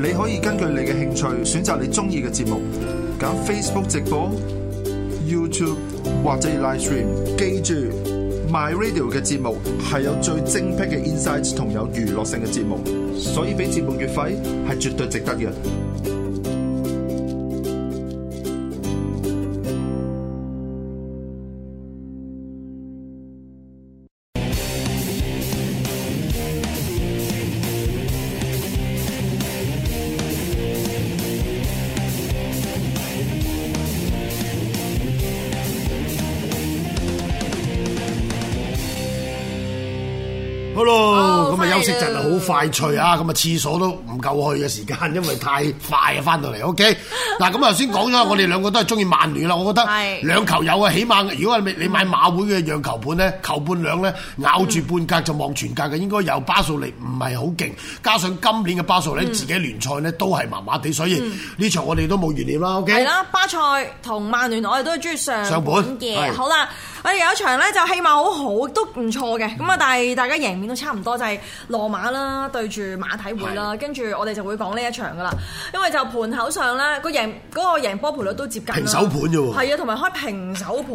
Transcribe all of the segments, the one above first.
你可以根據你嘅興趣選擇你中意嘅節目，揀 Facebook 直播、YouTube 或者 Live Stream。記住，My Radio 嘅節目係有最精辟嘅 insights 同有娛樂性嘅節目，所以俾節目月費係絕對值得嘅。節奏好快脆啊，咁啊廁所都唔夠去嘅時間，因為太快啊，翻到嚟。O K，嗱咁頭先講咗，我哋兩個都係中意曼聯啦。我覺得兩球友啊，起碼如果係你買馬會嘅讓球盤咧，球半兩咧，咬住半格就望全格嘅，應該有巴素利唔係好勁，加上今年嘅巴素利自己聯賽咧都係麻麻地，所以呢場我哋都冇懸念啦。O K，係啦，巴塞同曼聯我哋都係中意上本上盤好啦。我哋有一場咧就氣氛好好，都唔錯嘅咁啊！但係大家贏面都差唔多，就係、是、羅馬啦對住馬體會啦，跟住是的 我哋就會講呢一場噶啦。因為就盤口上咧、嗰個贏嗰、嗰個贏波賠率都接近平手盤啫喎，係啊，同埋開平手盤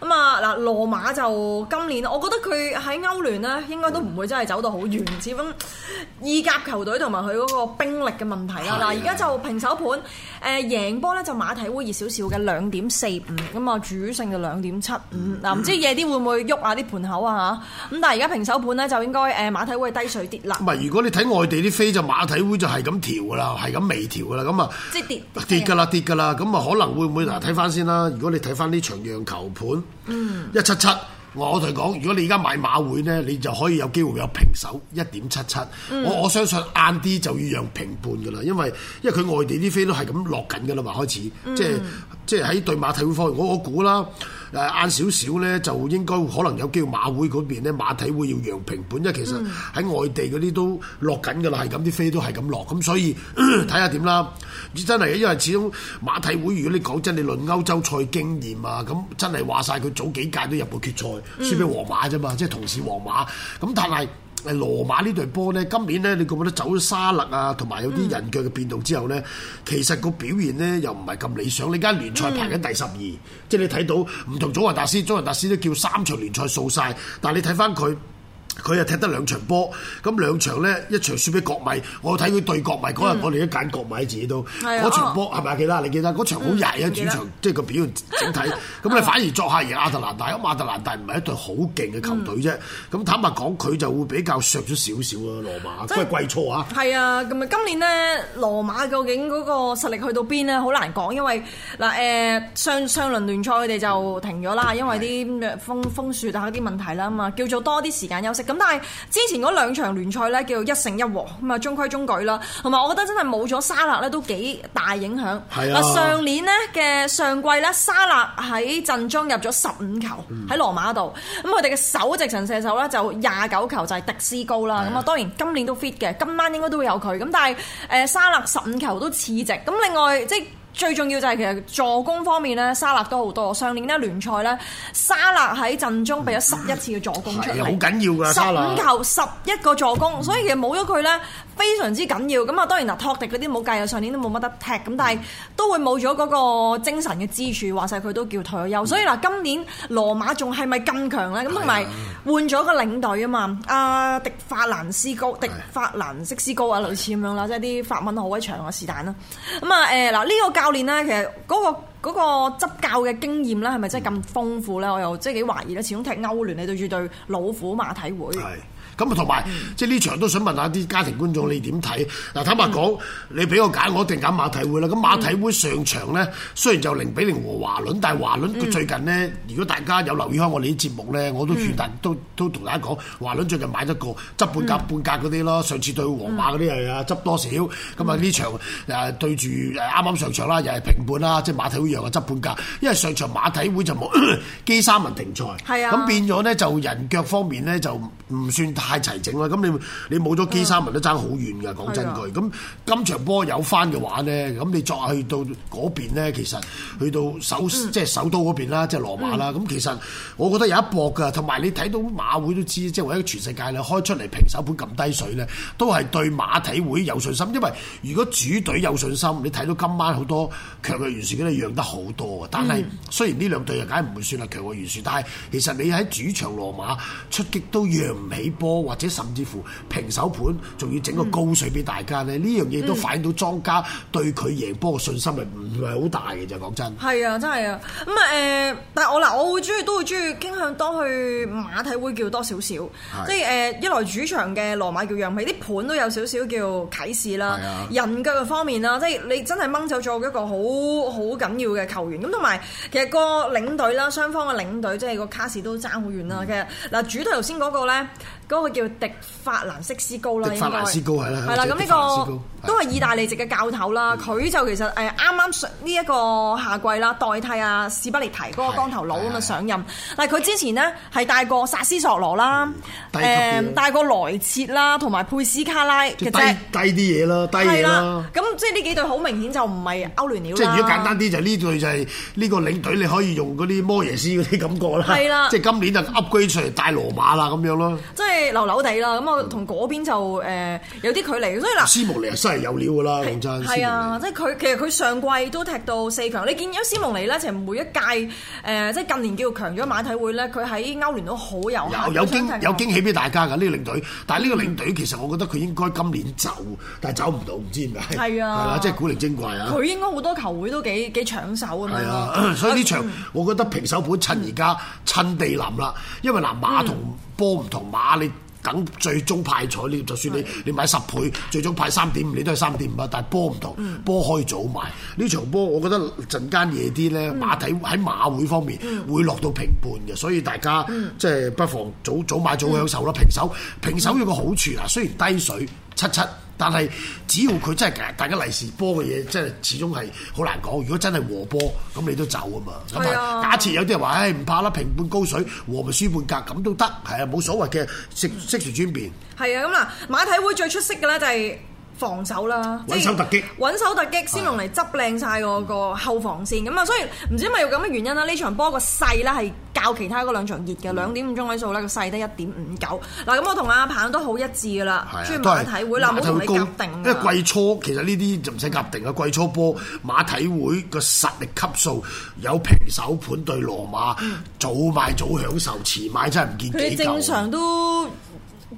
咁啊嗱， 羅馬就今年我覺得佢喺歐聯呢，應該都唔會真係走到好遠，始終意甲球隊同埋佢嗰個兵力嘅問題啦。嗱，而家就平手盤誒贏波咧就馬體會熱少少嘅兩點四五咁啊，主勝就兩點七五。嗯嗱，唔、嗯、知夜啲會唔會喐下啲盤口啊嚇，咁、嗯、但係而家平手盤咧就應該誒馬體會低水跌啦。唔係，如果你睇外地啲飛就馬體會就係咁調噶啦，係咁微調噶啦，咁啊，即係跌跌㗎啦，跌㗎啦，咁啊、嗯、可能會唔會嗱？睇翻、嗯、先啦。如果你睇翻呢場讓球盤，一七七，我同你講，如果你而家買馬會咧，你就可以有機會有平手一點七七。77，嗯、我我相信晏啲就要讓平半噶啦，因為因為佢外地啲飛都係咁落緊噶啦，嘛。開始，嗯、即係即係喺對馬體會方面，我我估啦。誒晏少少咧，就應該可能有機會馬會嗰邊咧，馬體會要揚平本，因為其實喺外地嗰啲都落緊噶啦，係咁啲飛都係咁落，咁所以睇下點啦。唔、呃、知真係，因為始終馬體會，如果你講真，你論歐洲賽經驗啊，咁真係話晒。佢早幾屆都入過決賽，輸俾皇馬啫嘛，嗯、即係同時皇馬，咁但係。係羅馬呢隊波咧，今年咧，你覺唔覺得走咗沙勒啊，同埋有啲人腳嘅變動之後呢，嗯、其實個表現呢又唔係咁理想。你間聯賽排緊第十二，嗯、即係你睇到唔同。祖雲達斯，祖雲達斯都叫三場聯賽掃晒，但係你睇翻佢。佢又踢得兩場波，咁兩場咧一場輸俾國米，我睇佢對國米嗰日，我哋都揀國米、嗯、自己都，嗰的場波係咪啊係係？記得你記得嗰場好曳啊！嗯、主場即係個表整體，咁 你反而作客贏阿特蘭大，咁阿特蘭大唔係一隊好勁嘅球隊啫。咁、嗯、坦白講，佢就會比較削咗少少啊！羅馬真係貴錯啊！係啊，咁啊，今年呢，羅馬究竟嗰個實力去到邊呢？好難講，因為嗱誒上上輪聯賽佢哋就停咗啦，因為啲風風,風雪啊啲問題啦嘛，叫做多啲時間休息。咁但係之前嗰兩場聯賽咧，叫一勝一和，咁啊中規中矩啦，同埋我覺得真係冇咗沙勒咧都幾大影響。嗱上是、啊、年咧嘅上季咧，沙勒喺陣中入咗十五球喺羅馬度，咁佢哋嘅首席神射手咧就廿九球就係、是、迪斯高啦。咁是啊當然今年都 fit 嘅，今晚應該都會有佢。咁但係誒沙勒十五球都次席。咁另外即係。最重要就係其實助攻方面咧，沙勒都好多。上年咧聯賽咧，沙勒喺陣中俾咗十一次嘅助攻出嚟，好緊要噶沙勒，十五球十一個助攻，所以其實冇咗佢咧。非常之緊要，咁啊當然嗱托迪嗰啲冇計啊，上年都冇乜得踢，咁但係都會冇咗嗰個精神嘅支柱，話晒佢都叫退休。所以嗱，今年羅馬仲係咪咁強咧？咁同埋換咗個領隊啊嘛，阿迪法蘭斯高、嗯、迪法蘭迪斯高啊，類似咁樣啦，即係啲法文好鬼長啊，是但啦。咁啊誒嗱呢個教練咧，其實嗰、嗰個嗰、嗰個、執教嘅經驗咧，係咪真係咁豐富咧？嗯、我又即係幾懷疑啦。始終踢歐聯，你對住對老虎馬體會。嗯咁啊，同埋即係呢場都想問下啲家庭觀眾你點睇？嗱，坦白講你俾我揀，我一定揀馬體會啦。咁馬體會上場咧，雖然就零比零和華倫，但係華倫佢最近咧，如果大家有留意開我哋啲節目咧，我都勸定都都同大家講華倫最近買咗個執半格半格啲咯。上次對皇馬啲係啊，執多少咁啊？呢場誒對住誒啱啱上場啦，又係平半啦，即係馬體會一樣係執半格，因為上場馬體會就冇基沙文停賽係啊，咁變咗咧就人腳方面咧就唔算。太齊整啦！咁你你冇咗基沙文都爭好遠嘅。講真句，咁今場波有翻，嘅話咧，咁你再去到嗰邊咧，其實去到首即係首都嗰邊啦，即係羅馬啦。咁、嗯、其實我覺得有一搏嘅。同埋你睇到馬會都知，即係喎一個全世界咧開出嚟，平手盤咁低水咧，都係對馬體會有信心。因為如果主隊有信心，你睇到今晚好多強弱懸殊嗰啲讓得好多。但係雖然呢兩隊又梗係唔會算係強弱懸殊，但係其實你喺主場羅馬出擊都讓唔起波。或者甚至乎平手盤，仲要整個高水俾大家咧，呢、嗯、樣嘢都反映到莊家對佢贏波嘅信心係唔係好大嘅，就講真。係啊，真係啊，咁、嗯、誒、呃，但係我嗱，我會鍾意，都會鍾意傾向多去馬體會叫多少少，是啊、即係誒、呃、一來主場嘅羅馬叫讓氣，啲盤都有少少叫啟示啦，是啊、人腳嘅方面啦，即係你真係掹走咗一個好好緊要嘅球員，咁同埋其實個領隊啦，雙方嘅領隊即係個卡士都爭好遠啦。其實嗱，主隊頭先嗰個咧。呢呢嗰個叫迪法蘭色法斯高啦，應該係啦的，咁呢、呢個。都係意大利籍嘅教頭啦，佢的就其實誒啱啱上呢一個夏季啦，代替阿史不利提嗰個光頭佬咁啊上任。的但係佢之前呢，係帶過薩斯索羅啦，誒帶過萊切啦，同埋佩斯卡拉嘅啫。低啲嘢咯，低嘢咯。咁即係呢幾隊好明顯就唔係歐聯料啦。即係如果簡單啲，就呢、是、隊就係、是、呢、呢個領隊，你可以用嗰啲摩耶斯嗰啲感覺啦。係啦的，即係今年就 upgrade 出嚟帶羅馬啦咁樣咯。即係流流地啦，咁啊同嗰邊就誒、呃、有啲距離。所以嗱，係有料噶啦，王爭係啊！即係佢其實佢上季都踢到四強，你見咗斯蒙尼咧，其實每一屆誒即係近年叫做強咗馬體會咧，佢喺是、啊、歐聯都好有有有驚有驚喜俾大家㗎呢，呢個領隊。但係呢個領隊其實我覺得佢應該今年走，但係走唔到，唔知點解係啊！係啦，啊，即係古靈精怪啊！佢應該好多球會都幾幾搶手啊嘛。係啊，所以呢場，嗯、我覺得平手盤趁而家趁地臨啦，因為嗱馬同波唔同馬你。嗯嗯咁最終派彩，你就算你你買十倍，的最終派三點五，你都係三點五啊！但係波唔同，嗯、波可以早買。呢場波，我覺得陣間夜啲呢，嗯、馬體喺馬會方面會落到平半嘅，所以大家即係不妨早早買早享受啦。平手平手有個好處啊，雖然低水七七。但係，只要佢真係，其實大家利是波嘅嘢，真係始終係好難講。如果真係和波，咁你都走啊嘛。咁啊，假設有啲人話，唉、哎，唔怕啦，平半高水，和咪輸半格，咁都得，係啊，冇所謂嘅，適適時轉變。係啊，咁嗱，馬體會最出色嘅咧就係、是。防守啦，穩守突擊，穩守突擊先用嚟執靚晒個個後防線咁啊！所以唔知咪有咁嘅原因啦。呢場波個細啦係較其他嗰兩場熱嘅，兩點五中位數咧個細得一點五九。嗱咁我同阿鵬都好一致噶啦，專門馬體會啦，冇同你夾定。因為季初其實呢啲就唔使夾定嘅，季初波馬體會個實力級數有平手盤對羅馬，早買早享受，遲買真係唔見幾夠。佢正常都。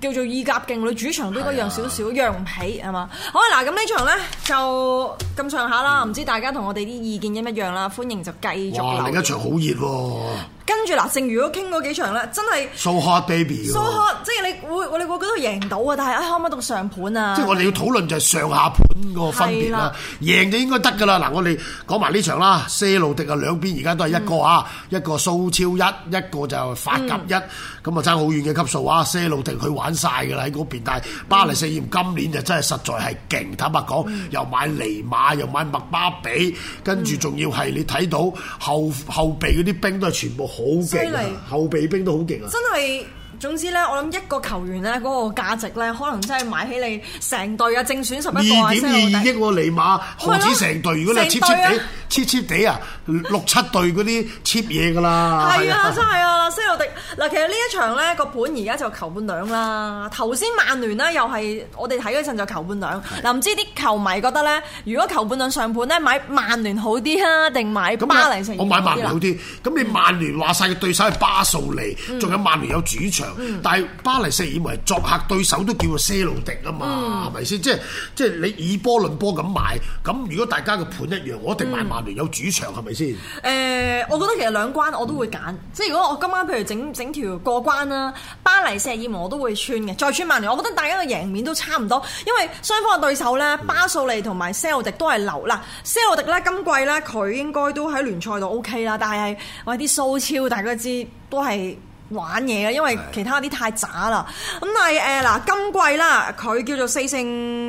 叫做意甲勁旅，主場都該讓少少，讓唔起係嘛？好啊，嗱咁呢場咧就咁上下啦，唔知大家同我哋啲意見一唔一樣啦？歡迎就繼續。哇！另一場好熱喎、啊。跟住嗱，勝如果傾嗰幾場咧，真係蘇克 baby，蘇克、so、即係你會我哋會覺得贏到啊！但係啊、哎，可唔可到上盤啊？即係我哋要討論就係上下盤個分別啦，是的 贏就應該得㗎啦。嗱、嗯，我哋講埋呢場啦，些路迪啊，兩邊而家都係一個啊，嗯、一個蘇超一，一個就法甲一，咁啊、嗯、差好遠嘅級數啊！些路迪佢玩晒㗎啦喺嗰邊，但係巴黎聖日耳門今年就真係實在係勁，嗯、坦白講，嗯、又買尼馬，又買麥巴比，跟住仲要係你睇到後後備嗰啲兵都係全部。好勁啊！是後備兵都好勁啊！真係。總之咧，我諗一個球員咧嗰個價值咧，可能真係買起你成隊啊正選十一個二點二億喎，尼馬何止成隊，如果你切切地、切切地啊，六七隊嗰啲 cheap 嘢㗎啦。係啊，真係啊，西羅迪嗱，其實呢一場咧個盤而家就球半兩啦。頭先曼聯呢，又係我哋睇嗰陣就球半兩。嗱，唔知啲球迷覺得咧，如果球半兩上盤咧，買曼聯好啲啊，定買巴黎？我買曼聯好啲。咁你曼聯話晒嘅對手係巴素利，仲有曼聯有主場。嗯、但係巴黎聖日耳門作客對手都叫個些路迪啊嘛，係咪先？即係即係你以波論波咁買，咁如果大家嘅盤一樣，我一定買曼聯有主場係咪先？誒、嗯呃，我覺得其實兩關我都會揀，嗯、即係如果我今晚譬如整整條過關啦，巴黎聖日耳門我都會穿嘅，再穿曼聯。我覺得大家嘅贏面都差唔多，因為雙方嘅對手咧，巴素利同埋些路迪都係流啦。些路迪咧，今季咧佢應該都喺聯賽度 OK 啦，但係我啲蘇超大家知都係。玩嘢啊，因為其他啲太渣啦。咁但係誒嗱，今季啦，佢叫做四勝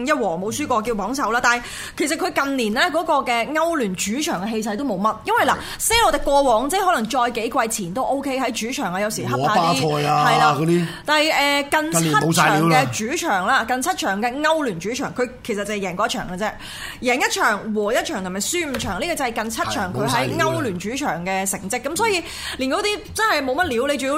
一和冇輸過，叫榜首啦。但係其實佢近年呢嗰個嘅歐聯主場嘅氣勢都冇乜，因為嗱，雖然我哋過往即係可能再幾季前都 O K 喺主場啊，有時黑下啲係啦啲。但係誒近七場嘅主場啦，近七場嘅歐聯主場，佢其實就係贏嗰場嘅啫，贏一場和一場，同埋輸五場，呢個就係近七場佢喺歐聯主場嘅成績。咁所以連嗰啲真係冇乜料，你最好。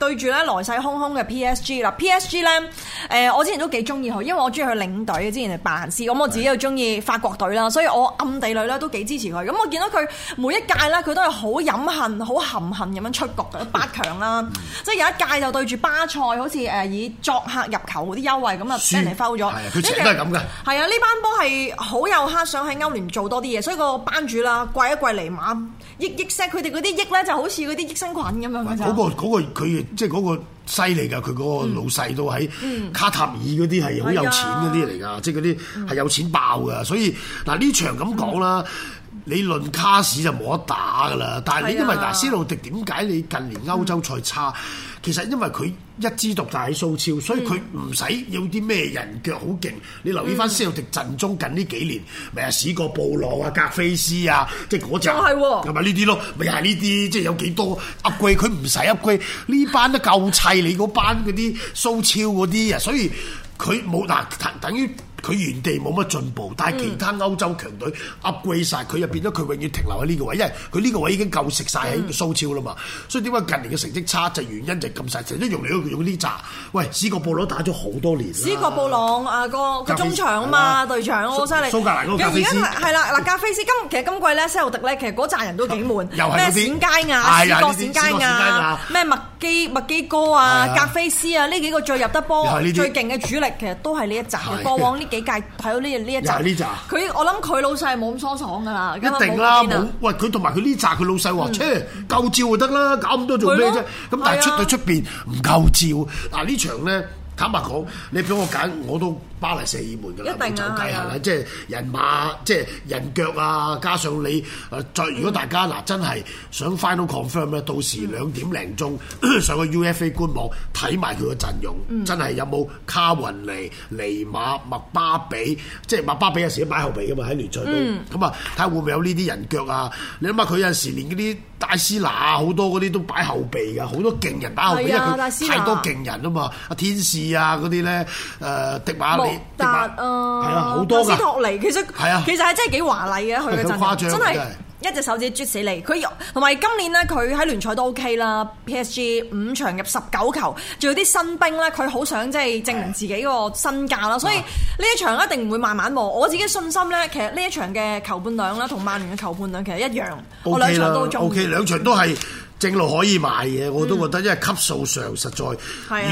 對住咧來勢洶洶嘅 PSG 啦，PSG 咧，誒、呃、我之前都幾中意佢，因為我中意佢領隊之前係拜事師，咁我自己又中意法國隊啦，所以我暗地裏咧都幾支持佢。咁我見到佢每一屆咧，佢都係好忍恨、好含恨咁樣出局八強啦，即係 有一屆就對住巴塞，好似誒以作客入球嗰啲優惠咁啊俾人哋摟咗。係佢成日都係咁㗎。係啊，呢實、啊、班波係好有慻想喺歐聯做多啲嘢，所以個班主啦貴一貴嚟晚，億億 s 佢哋嗰啲益咧就好似嗰啲益生菌咁樣。嗰是、那個佢。那個即係嗰個犀利㗎，佢嗰個老細都喺卡塔爾嗰啲係好有錢嗰啲嚟㗎，嗯、即係嗰啲係有錢爆㗎，嗯、所以嗱呢場咁講啦，嗯、你論卡士就冇得打㗎啦。但係你因為嗱，斯洛迪點解你近年歐洲賽差？嗯嗯其實因為佢一枝獨大喺蘇超，所以佢唔使要啲咩人腳好勁。嗯、你留意翻、嗯、些路迪陣中近呢幾年，咪啊史葛布朗、啊格菲斯啊，即係嗰隻，係咪呢啲咯？咪係呢啲，即係有幾多 upgrade，佢唔使 upgrade 呢班都夠砌你嗰班嗰啲蘇超嗰啲啊，所以佢冇嗱等於。佢原地冇乜進步，但係其他歐洲強隊 upgrade 曬，佢又變咗佢永遠停留喺呢個位，因為佢呢個位已經夠食晒喺蘇超啦嘛。所以點解近年嘅成績差就原因就咁曬，成日用嚟用用呢扎。喂，史葛布朗打咗好多年。史葛布朗啊，個中場啊嘛，隊長，好犀利。蘇格蘭嗰個格菲斯。而家係啦，嗱，格菲斯今其實今季咧，西奧特咧，其實嗰扎人都幾悶。又係咩？史佳亞，史葛史佳亞，咩麥基麥基哥啊，格菲斯啊，呢幾個最入得波、最勁嘅主力，其實都係呢一扎。過往呢？幾屆睇到呢呢一集，佢、啊、我諗佢老細係冇咁疏爽噶啦，一定啦、啊，冇喂佢同埋佢呢集佢老細話，切、嗯，係夠、呃、照就得啦，搞咁多做咩啫？咁、啊、但係出到出邊唔夠照，嗱、啊、呢場咧。坦白講，你俾我揀，我都巴黎聖二門㗎啦，啊、走計係啦，的即係人馬，即係人腳啊！加上你誒，再如果大家嗱、嗯、真係想 final confirm 咧，到時兩點零鐘、嗯、上個 UFA 官網睇埋佢個陣容，嗯、真係有冇卡雲尼尼馬麥巴比，即係麥巴比有時擺後備㗎嘛喺聯賽度。咁啊睇下會唔會有呢啲人腳啊？你諗下佢有陣時連嗰啲。大師拿好多嗰啲都擺後備嘅，好多勁人擺後備，的因為佢太多勁人啊嘛。阿天使啊嗰啲咧，誒、呃、迪馬利達迪馬啊，好、呃、多嘅。斯托尼其實的其實係真係幾華麗嘅佢嗰陣，的真係。一隻手指啜死你！佢同埋今年呢，佢喺聯賽都 OK 啦，PSG 五場入十九球，仲有啲新兵呢，佢好想即係證明自己個身價啦。所以呢一場一定唔會慢慢磨。我自己信心呢，其實呢一場嘅球半兩啦，同曼聯嘅球半兩其實一樣，Okay 我兩場都中。O K，兩場都係。正路可以買嘅，我都覺得，因為級數上實在。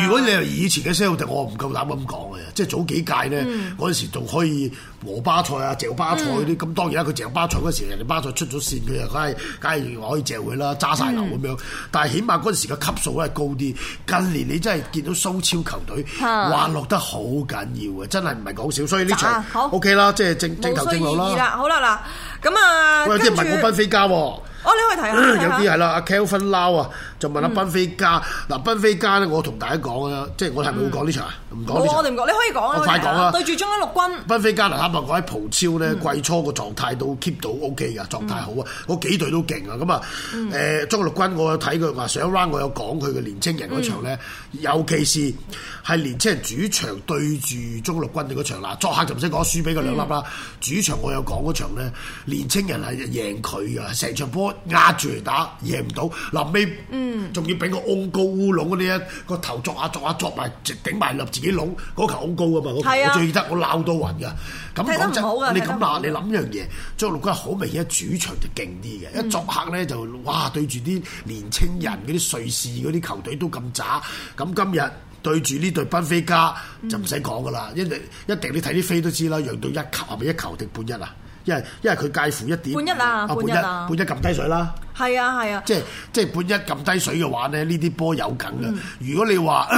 如果你係以前嘅些路迪，我唔夠膽咁講嘅。即係早幾屆咧，嗰陣時仲可以和巴塞啊、謝巴塞嗰啲。咁當然啦，佢謝巴塞嗰陣時，人哋巴塞出咗線，佢又梗係梗係可以借佢啦，揸晒頭咁樣。但係起碼嗰陣時嘅級數咧係高啲。近年你真係見到蘇超球隊滑落得好緊要嘅，真係唔係講笑。所以呢場 OK 啦，即係正正頭正路啦。好啦，嗱咁啊，喂，即係唔好奔飛加喎。哦，你可以睇下睇下。 有啲係啦，阿 Kelvin 撈啊。就問啦，賓菲加嗱，賓菲加咧，我同大家講啊，即係我係咪會講呢場啊？唔講、嗯。我哋唔講，你可以講啊。我快講啊！對住中央陸軍。賓菲加嗱，坦白講，葡超咧，季初個狀態都 keep 到 OK 噶，狀態好啊，嗰、嗯、幾隊都勁啊。咁啊，誒、嗯呃、中央陸軍，我有睇佢話上一 round，我有講佢嘅年青人嗰場咧，嗯、尤其是係年青人主場對住中央陸軍嘅嗰場啦，作客就唔使講，輸俾佢兩粒啦。嗯、主場我有講嗰場咧，年青人係贏佢啊，成場波壓住嚟打贏唔到，臨尾、嗯。仲要俾個安高烏龍嗰啲一個頭作下作下作埋，直頂埋入自己籠，嗰球好高噶嘛！我最記得，我得想想，我鬧到暈噶。咁真，你咁諗，你諗樣嘢，張六哥好明顯主場就勁啲嘅，一作客咧就哇對住啲年青人嗰啲瑞士嗰啲球隊都咁渣。咁今日對住呢隊賓菲加就唔使講噶啦，一定一定，你睇啲飛都知啦，讓到一球係咪一球定半一啊？因為看看是是因為佢介乎一點半一啦，半一、啊、半一半一撳低水啦。係啊係啊，即係即係半一咁低水嘅話咧，呢啲波有梗嘅。如果你話，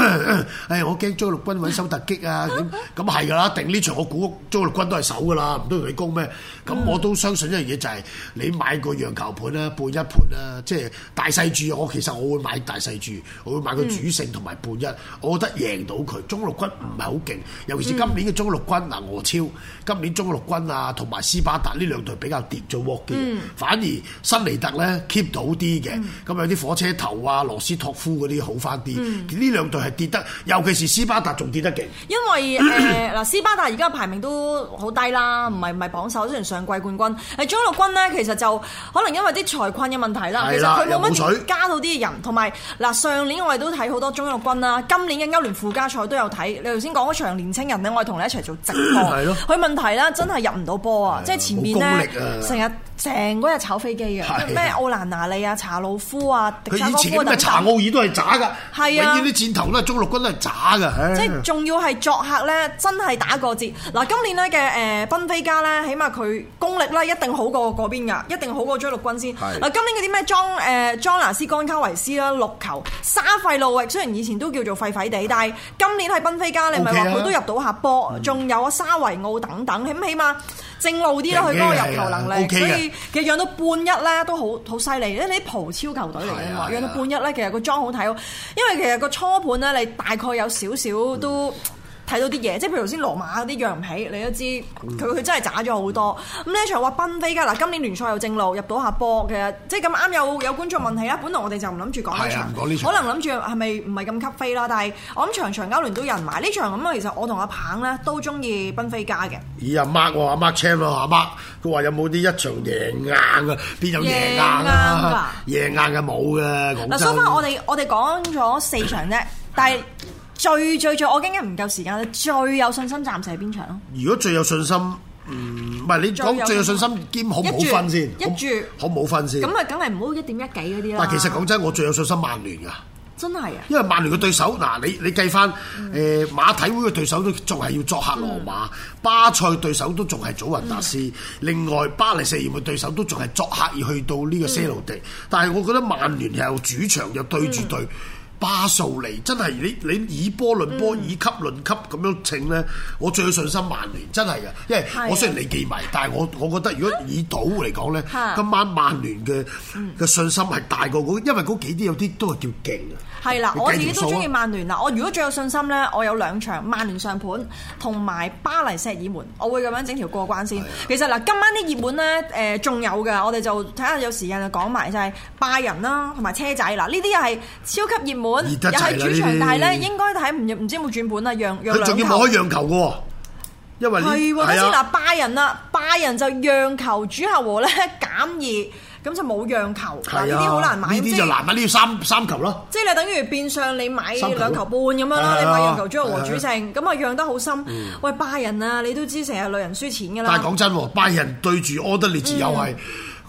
唉，我驚中陸軍穩守突擊啊，咁咁係噶啦，定呢場我估中陸軍都係守噶啦，唔通佢攻咩？咁我都相信一樣嘢就係你買個羊球盤啦，半一盤啦，即係大細注。我其實我會買大細注，我會買個主勝同埋半一，嗯、我覺得贏到佢中陸軍唔係好勁，尤其是今年嘅中陸軍嗱，俄超今年中陸軍啊，同埋斯巴達呢兩隊比較跌咗喎嘅，反而新尼特咧。呢 keep 到啲嘅，咁有啲火車頭啊、羅斯托夫嗰啲好翻啲。呢兩隊係跌得，尤其是斯巴達仲跌得嘅，因為誒嗱，斯巴達而家排名都好低啦，唔係唔係榜首，雖然上季冠軍。誒，中陸軍咧其實就可能因為啲財困嘅問題啦，其實佢冇乜加到啲人，同埋嗱上年我哋都睇好多中陸軍啦，今年嘅歐聯附加賽都有睇。你頭先講嗰場年青人咧，我哋同你一齊做直播。係咯，佢問題咧真係入唔到波啊！即係前面咧成日。成嗰日炒飛機嘅，咩、啊、奧蘭拿利啊、查魯夫啊，佢以前咩查奧爾都係渣噶，啊、永遠啲箭頭都係中六軍都係渣噶，即係仲要係作客咧，真係打過折。嗱，今年咧嘅誒賓飛加咧，起碼佢功力咧一定好過嗰邊噶，一定好過中六軍先。嗱是，今年嗰啲咩莊誒、呃、莊拿斯、甘卡維斯啦、六球、沙費路域，雖然以前都叫做廢廢地，的但係今年喺賓飛加，okay 你咪話佢都入到下波，仲有啊沙維奧等等，咁起碼。正路啲囉，佢嗰個入球能力，以所以其實養到半一咧都好好犀利。因為你啲葡超球隊嚟嘅嘛，的養到半一咧，其實個裝好睇喎。因為其實個初盤咧，你大概有少少都。嗯睇到啲嘢，即係譬如頭先羅馬嗰啲贏唔起，你都知佢佢真係渣咗好多。咁呢場話賓菲加，嗱，今年聯賽有正路入到下波嘅，即係咁啱有有觀眾問起啦。本來我哋就唔諗住講呢場，場可能諗住係咪唔係咁吸飛啦？但係我諗場場歐聯都有人埋呢場咁啊，其實我同阿鵬咧都中意賓菲加嘅。咦啊 mark 我啊 mark c h a m mark，佢話有冇啲一場贏硬嘅？邊有贏硬啦？贏硬嘅冇嘅。嗱，我哋我哋講咗四場啫，但係。 最最最，我驚緊唔夠時間啦。最有信心暫時係邊場咯？如果最有信心，唔係你講最有信心兼好唔好分先，好唔好分先。咁咪梗係唔好一點一幾嗰啲啦。但其實講真，我最有信心曼聯㗎。真係啊！因為曼聯嘅對手嗱，你你計翻誒馬體會嘅對手都仲係要作客羅馬，巴塞對手都仲係祖雲達斯，另外巴黎四言嘅對手都仲係作客而去到呢個些路迪。但係我覺得曼聯又主場又對住隊。巴素利真係你你以波論波、嗯、以級論級咁樣稱咧，我最有信心曼聯真係嘅，因為我雖然你記埋，但係我我覺得如果以賭嚟講咧，嗯、今晚曼聯嘅嘅信心係大過嗰、那個，因為嗰幾啲有啲都係叫勁啊，係啦的，我自己都中意曼聯啦，我如果最有信心咧，我有兩場曼聯上盤同埋巴黎聖日耳門我會咁樣整條過關先。的其實嗱，今晚啲熱門咧誒仲有嘅，我哋就睇下有時間就講埋就係拜仁啦同埋車仔啦，呢啲又係超級熱門。又係主場，但係咧應該睇唔唔知有冇轉盤啦。讓讓兩球，佢仲要冇開讓球嘅，因為佢係知嗱，拜仁啊，拜仁就讓球主客和咧減二，咁就冇讓球，嗱呢啲好難買。呢啲就難買，呢啲三三球咯。即係你等於變相你買兩球半咁樣啦。你買讓球主客和主勝，咁啊讓得好深。喂，拜仁啊，你都知成日累人輸錢噶啦。但係講真，拜仁對住安德烈治又係。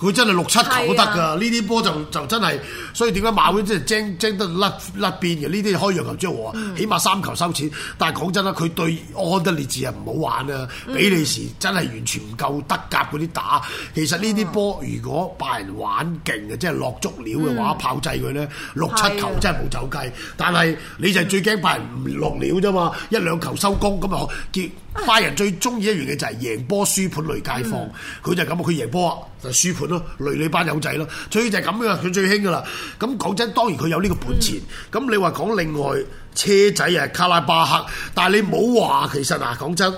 佢真係六七球都得㗎，呢啲波就就真係，所以點解馬會真係精精得甩甩邊嘅？呢啲開羊球張喎，起碼三球收錢。嗯、但係講真啦，佢對安德烈治啊，唔好玩啊，嗯、比利時真係完全唔夠德甲嗰啲打。其實呢啲波如果拜仁玩勁嘅，即係落足料嘅話，炮製佢咧六七球真係冇走雞。啊、但係你就係最驚拜仁唔落料啫嘛，一兩球收工咁啊結。拜仁最中意一樣嘢就係贏波輸盤累街坊、嗯，佢就係咁，佢贏波啊，就係、輸盤咯，累你班友仔咯，最就係咁噶，佢最興噶啦。咁講真，當然佢有呢個本錢。咁、嗯、你話講另外車仔啊，卡拉巴克，但係你冇話、嗯、其實嗱，講、呃、真，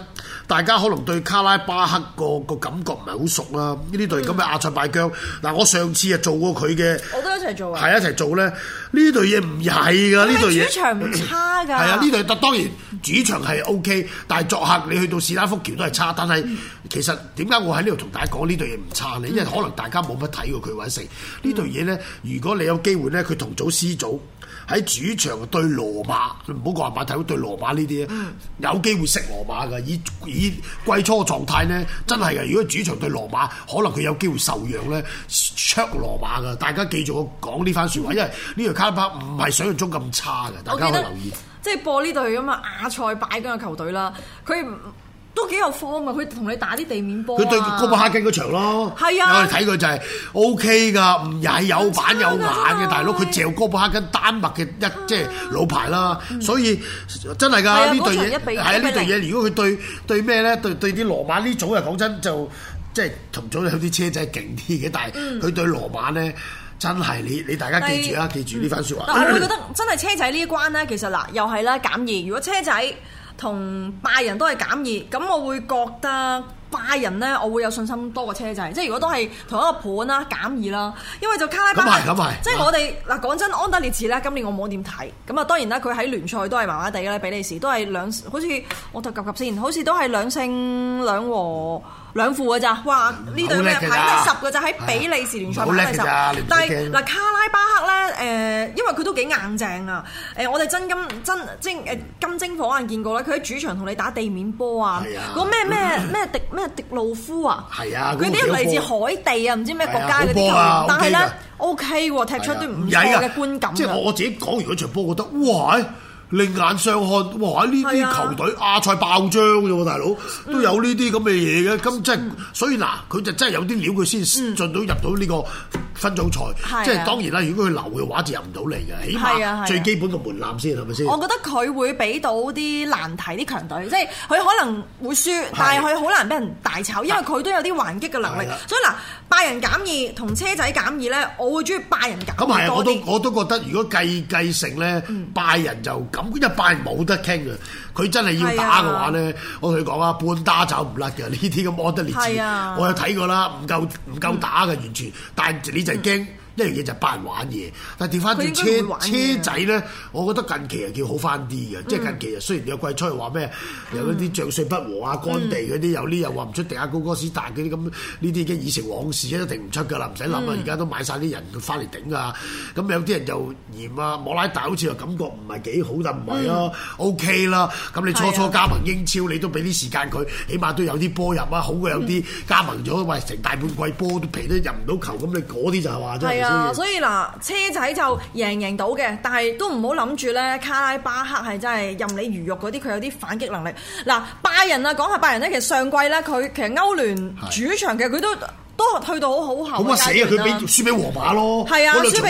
大家可能對卡拉巴克個個感覺唔係好熟啦。呢啲隊咁嘅亞塞拜疆，嗱、嗯啊、我上次啊做過佢嘅，我都一齊做啊，係一齊做呢。呢對嘢唔係㗎，呢對嘢。主場唔差㗎。係啊，呢對特當然主場係 O K，但係作客你去到史丹福橋都係差。但係、嗯、其實點解我喺呢度同大家講呢對嘢唔差咧？因為可能大家冇乜睇過佢或者成呢對嘢呢。如果你有機會呢，佢同組 C 組喺主場對羅馬，唔好講話嘛睇好對羅馬呢啲、嗯、有機會蝕羅馬㗎。以以，以季初狀態呢，真係嘅。如果主場對羅馬，可能佢有機會受讓呢。check 羅馬㗎。大家記住我講呢番説話，因為呢對丹麥唔係想像中咁差嘅，大家可以留意。即係、就是、播呢隊咁啊亞塞拜疆嘅球隊啦，佢都幾有方啊，佢同你打啲地面波，佢對哥本哈根嗰場咯，係啊，我哋睇佢就係 O K 噶，唔係、啊、有板有眼嘅、啊、大佬。佢嚼哥本哈根丹麥嘅一即係老牌啦，啊、所以真係㗎呢隊。係啊，呢對隊嘢如果佢對對咩咧？對呢對啲羅，羅馬呢組啊，講真就即係同組有啲車仔勁啲嘅，但係佢對羅馬咧。真係你你大家記住啦，記住呢番説話。但係我會覺得真係車仔呢關呢，其實嗱又係啦減二。如果車仔同拜仁都係減二，咁我會覺得拜仁呢，我會有信心多過車仔。即係如果都係同一個盤啦減二啦，因為就卡拉巴。咁係咁係。即係我哋嗱講真安德烈治呢，今年我冇點睇。咁啊當然啦，佢喺聯賽都係麻麻地嘅。比利時都係兩好似我睇及及先，好似都係兩勝兩和，兩副嘅咋？哇！呢對咩排第十嘅咋？喺比利時聯賽排第十。但係嗱，卡拉巴克咧，誒，因為佢都幾硬淨啊！誒，我哋真金真精誒金睛火眼見過啦。佢喺主場同你打地面波啊！嗰咩咩咩迪咩迪路夫啊！係啊！佢啲係來自海地啊，唔知咩國家嘅球。但係呢，O K O K 踢出都唔錯嘅觀感。即係我自己講完嗰場波，覺得哇！另眼相看，哇！呢啲球隊，阿是、啊、賽爆張啫喎，大佬都有呢啲咁嘅嘢嘅，咁即係所以嗱，佢就真係有啲料，佢先進到入到呢、呢個。嗯嗯分組賽，是啊、即係當然啦。如果佢流嘅話就入唔到嚟嘅，起碼最基本個門檻先係咪先？我覺得佢會俾到啲難題啲強隊，即係佢可能會輸，是啊、但係佢好難俾人大炒，因為佢都有啲還擊嘅能力。是啊、所以嗱，拜仁減二同車仔減二咧，我會中意拜仁減二。咁係啊，我都我都覺得，如果計計，計成咧，嗯、拜仁就咁，因為拜仁冇得傾嘅。佢真係要打嘅話咧，啊、我同你講啊，半打走唔甩嘅，天天咁安得利字，啊、我有睇過啦，唔夠唔夠打嘅完全，嗯、但你就係驚。嗯、一樣嘢就班人玩嘢，但係調翻轉車車仔咧，我覺得近期啊叫好翻啲嘅，嗯、即係近期啊雖然有季初話咩有嗰啲帳稅不和啊、嗯、乾地嗰啲，有啲又話唔出定啊、哥哥斯達嗰啲咁，呢啲已經以前往事，一都定唔出㗎啦，唔使諗啊，而家、嗯、都買晒啲人翻嚟頂啊，咁有啲人就嫌啊，莫拉特好似又感覺唔係幾好，但唔係啊 o k 啦，咁、嗯 okay、你初初加盟英超，你都俾啲時間佢，嗯、起碼都有啲波入啊，好嘅有啲加盟咗喂，成、嗯、大半季波都皮都入唔到球，咁你嗰啲就係話所以嗱，車仔就贏贏到嘅，但係都唔好諗住咧。卡拉巴克係真係任你魚肉嗰啲，佢有啲反擊能力。嗱，拜仁啊，講下拜仁咧，其實上季咧，佢其實歐聯主場，其實佢都。都去到好好後咁但死都佢俾，輸俾皇馬咯。係啊，輸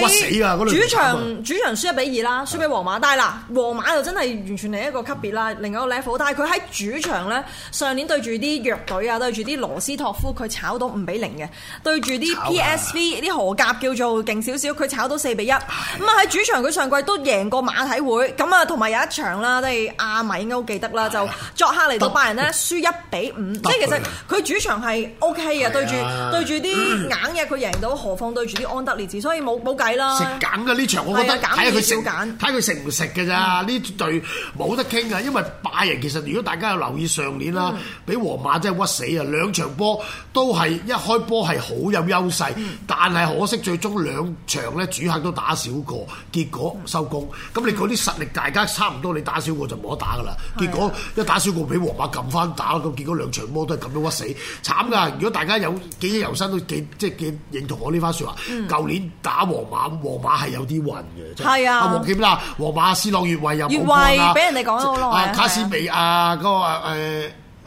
俾主場，主場輸一比二啦，輸俾皇馬。但係嗱，皇馬就真係完全另一個級別啦，另一個 level。但係佢喺主場咧，上年對住啲弱隊啊，對住啲羅斯托夫，佢炒到五比零嘅。對住啲 PSV 啲荷甲叫做勁少少，佢炒到四比一。咁啊喺主場佢上季都贏過馬體會。咁啊同埋有一場啦，都係阿米我都記得啦，就作客嚟到拜仁咧，輸一比五。即係其實佢主場係 OK 嘅，對住。對住啲硬嘅佢贏到，何況對住啲安德列治，所以冇冇計啦。食減嘅呢場，我覺得睇下佢少減，睇佢食唔食嘅咋？呢隊冇得傾啊！因為拜仁其實如果大家有留意上年啦，俾皇、嗯、馬真係屈死啊！兩場波都係一開波係好有優勢，嗯、但係可惜最終兩場咧主客都打少個，結果收工。咁、嗯、你嗰啲實力大家差唔多，你打少個就冇得打噶啦。結果一打少個俾皇馬撳翻打，咁結果兩場波都係咁樣屈死，慘噶！如果大家有幾？由生都幾即係幾認同我呢番説話。舊年打皇馬，皇馬係有啲運嘅。係啊，阿黃劍啦，皇馬斯洛越位又越位，俾人哋講咗好耐卡斯比啊，嗰個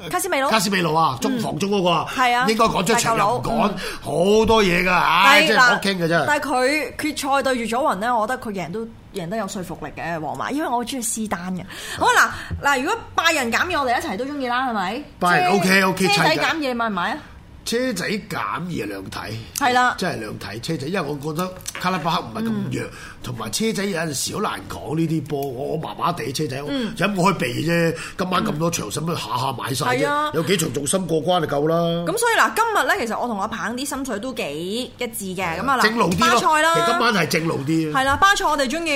誒卡斯比魯，卡斯比魯啊，中防中嗰個係啊，應該趕出場又趕好多嘢㗎，真係好傾嘅真。但係佢決賽對住咗雲咧，我覺得佢贏都贏得有說服力嘅皇馬，因為我中意斯丹嘅。好啦，嗱，如果拜仁減嘢，我哋一齊都中意啦，係咪？拜仁 OK OK，車仔減嘢買唔買啊？車仔減而係量體，係啦，即係量體車仔。因為我覺得卡拉巴克唔係咁弱，同埋車仔有陣時好難講呢啲波。我我麻麻地車仔，就咁去避啫。今晚咁多場，使乜下下買晒啫？有幾場重心過關就夠啦。咁所以嗱，今日咧，其實我同阿鵬啲心水都幾一致嘅。咁啊，啦，巴塞啦，今晚係正路啲。係啦，巴塞我哋中意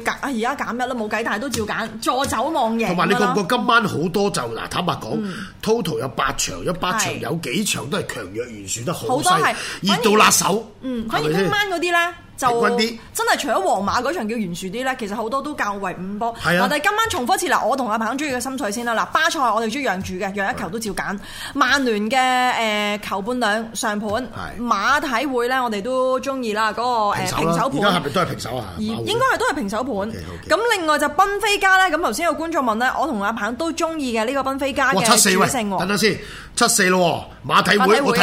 減啊，而家減一啦，冇計，但係都照減助走望嘅，同埋你覺唔覺今晚好多就嗱，坦白講，total 有八場，有八場有幾場。都係強弱懸殊得好多，係熱到辣手。嗯，可以今晚嗰啲啦。就真係除咗皇馬嗰場叫懸殊啲咧，其實好多都較為五波。啊、但係今晚重複一次，嗱，我同阿鵬中意嘅心菜先啦。嗱，巴塞我哋中意讓住嘅，讓一球都照揀。曼聯嘅誒、呃、球半兩上盤，啊、馬體會咧我哋都中意啦。嗰、那個平手，平手盤，而家係咪都係平手啊？而應該係都係平手盤。咁 Okay, okay. 另外就賓菲加咧，咁頭先有觀眾問咧，我同阿鵬都中意嘅呢個賓菲加嘅七主勝喎。等等先，七四咯，馬體會我睇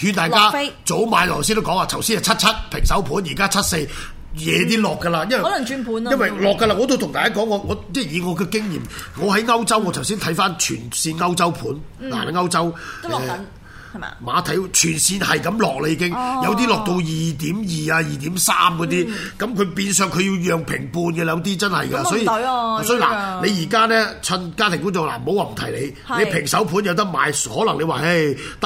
勸大家飛早買，頭先都講啊。頭先係七七平手盤，而家七四嘢啲落㗎啦，因為可能轉盤啦。因為落㗎啦，我都同大家講，我我即係以我嘅經驗，我喺歐洲，我頭先睇翻全線歐洲盤，嗱喺、嗯、歐洲都落緊。呃馬體全線係咁落啦，已經有啲落到二點二啊、二點三嗰啲，咁佢變相佢要讓平半嘅，有啲真係㗎，所以所以嗱，你而家咧趁家庭觀眾嗱，唔好話唔提你，你平手盤有得買，可能你話唉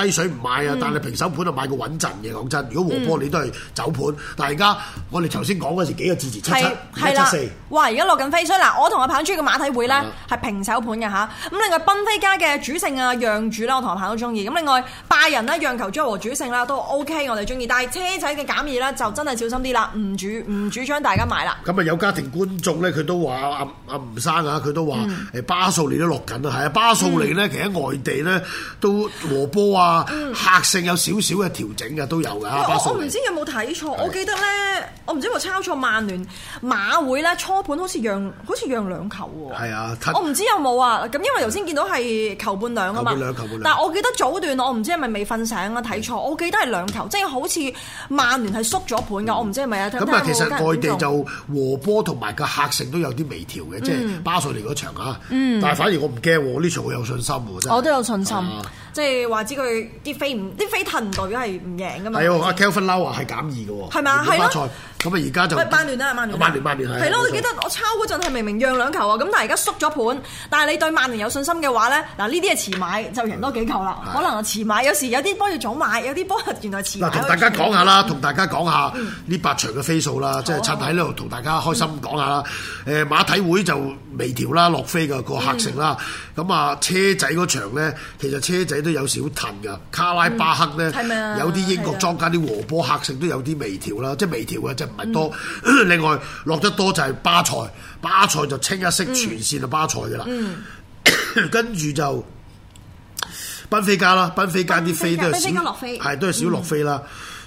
低水唔買啊，但係平手盤就買個穩陣嘅講真，如果和波你都係走盤，但係而家我哋頭先講嗰時幾個字字七七一七四，哇！而家落緊飛水嗱，我同阿鵬中意嘅馬體會咧係平手盤嘅吓，咁另外賓菲加嘅主勝啊讓主啦、我同阿鵬都中意，咁另外亞人咧讓球將和主勝啦都 O、OK, K，我哋中意。但係車仔嘅減熱啦，就真係小心啲啦，唔主唔主張大家買啦。咁啊有家庭觀眾咧，佢都話阿阿吳生啊，佢、啊啊、都話誒、嗯欸、巴素利都落緊啦，啊巴素利咧，其實外地咧都和波啊、嗯、客勝有少少嘅調整嘅都有㗎。我唔知有冇睇錯，的我記得咧，我唔知我抄錯曼聯馬會咧初盤好似讓好似讓兩球喎。啊，我唔知有冇啊。咁因為頭先見到係球半兩啊嘛，球球半兩。半兩但係我記得早段我唔知係咪。未瞓醒啊！睇錯，我記得係兩球，即係好似曼聯係縮咗盤嘅，我唔知係咪啊！咁啊，其實內地就和波同埋個客勝都有啲微調嘅，即係巴塞嚟嗰場啊！但係反而我唔驚喎，我呢場好有信心喎，真係。我都有信心，即係話知佢啲飛唔啲飛騰隊係唔贏㗎嘛？係阿 Kelvin Lau 話係減二嘅喎，係嘛？係咯，咁啊，而家就曼聯曼聯，曼聯，曼聯係係咯，我記得我抄嗰陣係明明讓兩球啊，咁但係而家縮咗盤。但係你對曼聯有信心嘅話咧，嗱呢啲係遲買就贏多幾球啦，可能遲買有啲波要早買，有啲波原來遲。同大家講下啦，同 大家講下呢八場嘅飛數啦， 即係趁喺呢度同大家開心講下啦。誒、嗯、馬體會就微調啦，落飛嘅個客勝啦。咁啊、嗯、車仔嗰場咧，其實車仔都有少騰噶。卡拉巴克咧，嗯、有啲英國莊家啲和波客勝都有啲微調啦，即係微調啊，即係唔係多。嗯、另外落得多就係巴塞，巴塞就清一色、嗯、全線就巴塞噶啦。嗯、 跟住就。奔飛加啦，奔飛加啲飛都係少，落係都係少落飛啦。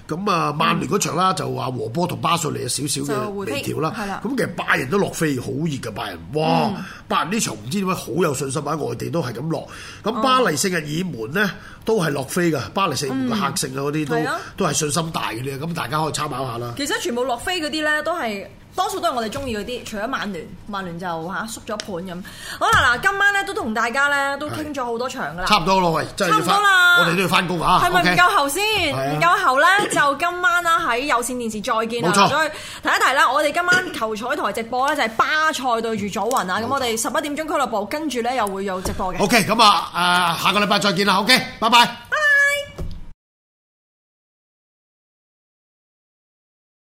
咁啊、嗯，曼聯嗰場啦，就話和波同巴塞利有少少嘅微調啦。咁其實拜仁都落飛，好熱嘅拜仁，哇！拜仁呢場唔知點解好有信心喺、啊、外地都係咁落。咁巴黎勝日耳門咧，都係落飛㗎、嗯。巴黎勝日耳門嘅客勝嗰啲都、嗯、都係信心大嘅啲。咁大家可以參考下啦。其實全部落飛嗰啲咧，都係。多數都係我哋中意嗰啲，除咗曼聯，曼聯就吓縮咗一盤咁。好啦，嗱，今晚咧都同大家咧都傾咗好多場噶啦，差唔多咯，喂，差唔多啦，我哋都要翻工啊！係咪唔夠喉先？唔夠喉咧就今晚啦，喺有線電視再見啦。再提一提咧，我哋今晚球彩台直播咧就係巴塞對住祖雲啊，咁 我哋十一點鐘俱樂部，跟住咧又會有直播嘅、okay, 呃。OK，咁啊誒，下個禮拜再見啦，OK，拜拜。